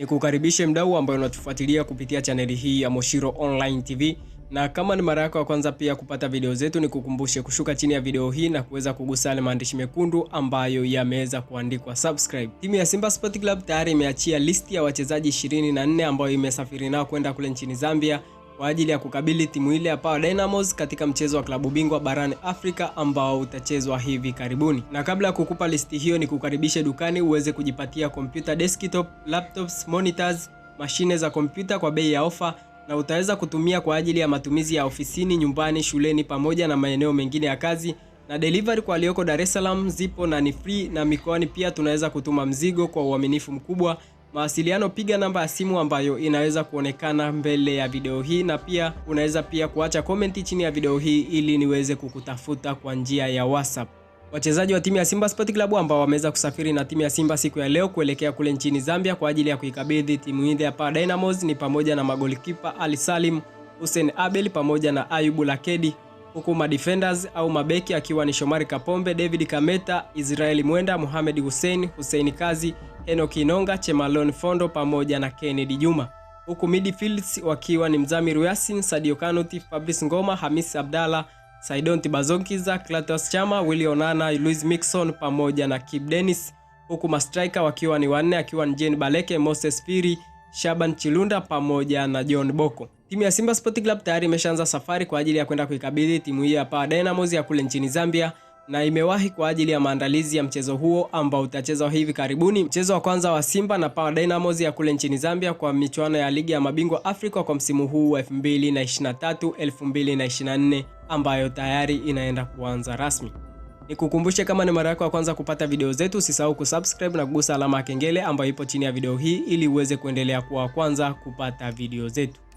Ni kukaribishe mdau ambayo unatufuatilia kupitia chaneli hii ya Moshiro Online TV, na kama ni mara yako ya kwanza pia kupata video zetu, ni kukumbushe kushuka chini ya video hii na kuweza kugusa yale maandishi mekundu ambayo yameweza kuandikwa subscribe. Timu ya Simba Sport Club tayari imeachia listi ya wachezaji 24 ambayo imesafiri nao kwenda kule nchini Zambia kwa ajili ya kukabili timu ile ya Power Dynamos katika mchezo wa klabu bingwa barani Afrika ambao utachezwa hivi karibuni. Na kabla ya kukupa listi hiyo, ni kukaribishe dukani uweze kujipatia kompyuta desktop, laptops, monitors, mashine za kompyuta kwa bei ya ofa na utaweza kutumia kwa ajili ya matumizi ya ofisini, nyumbani, shuleni pamoja na maeneo mengine ya kazi na delivery kwa walioko Dar es Salaam zipo na ni free, na mikoani pia tunaweza kutuma mzigo kwa uaminifu mkubwa mawasiliano, piga namba ya simu ambayo inaweza kuonekana mbele ya video hii, na pia unaweza pia kuacha komenti chini ya video hii ili niweze kukutafuta kwa njia ya WhatsApp. Wachezaji wa timu ya Simba Sport Club ambao wameweza kusafiri na timu ya Simba siku ya leo kuelekea kule nchini Zambia kwa ajili ya kuikabidhi timu hii ya Paa Dynamos ni pamoja na magolikipa Ali Salim, Hussein Abel pamoja na Ayubu Lakedi, huku madefenders au mabeki akiwa ni Shomari Kapombe, David Kameta, Israeli Mwenda, Mohamed Hussein, Hussein Kazi Enock Inonga, Chemalon Fondo pamoja na Kennedy Juma, huku midfields wakiwa ni Mzamiru Yasin, Sadio Kanuti, Fabrice Ngoma, Hamis Abdalla, Saidon Tibazonkiza, Clatous Chama, Willy Onana, Luis Mixon pamoja na Kip Dennis, huku mastrika wakiwa ni wanne akiwa ni Jean Baleke, Moses Firi, Shaban Chilunda pamoja na John Boko. Timu ya Simba Sports Club tayari imeshaanza safari kwa ajili ya kwenda kuikabidhi timu hii hapa Dynamos ya kule nchini Zambia na imewahi kwa ajili ya maandalizi ya mchezo huo ambao utachezwa hivi karibuni. Mchezo wa kwanza wa Simba na Power Dynamos ya kule nchini Zambia kwa michuano ya ligi ya mabingwa Afrika kwa msimu huu wa 2023 2024 ambayo tayari inaenda kuanza rasmi. Nikukumbushe, kama ni mara yako ya kwanza kupata video zetu, usisahau kusubscribe na kugusa alama ya kengele ambayo ipo chini ya video hii ili uweze kuendelea kuwa wa kwanza kupata video zetu.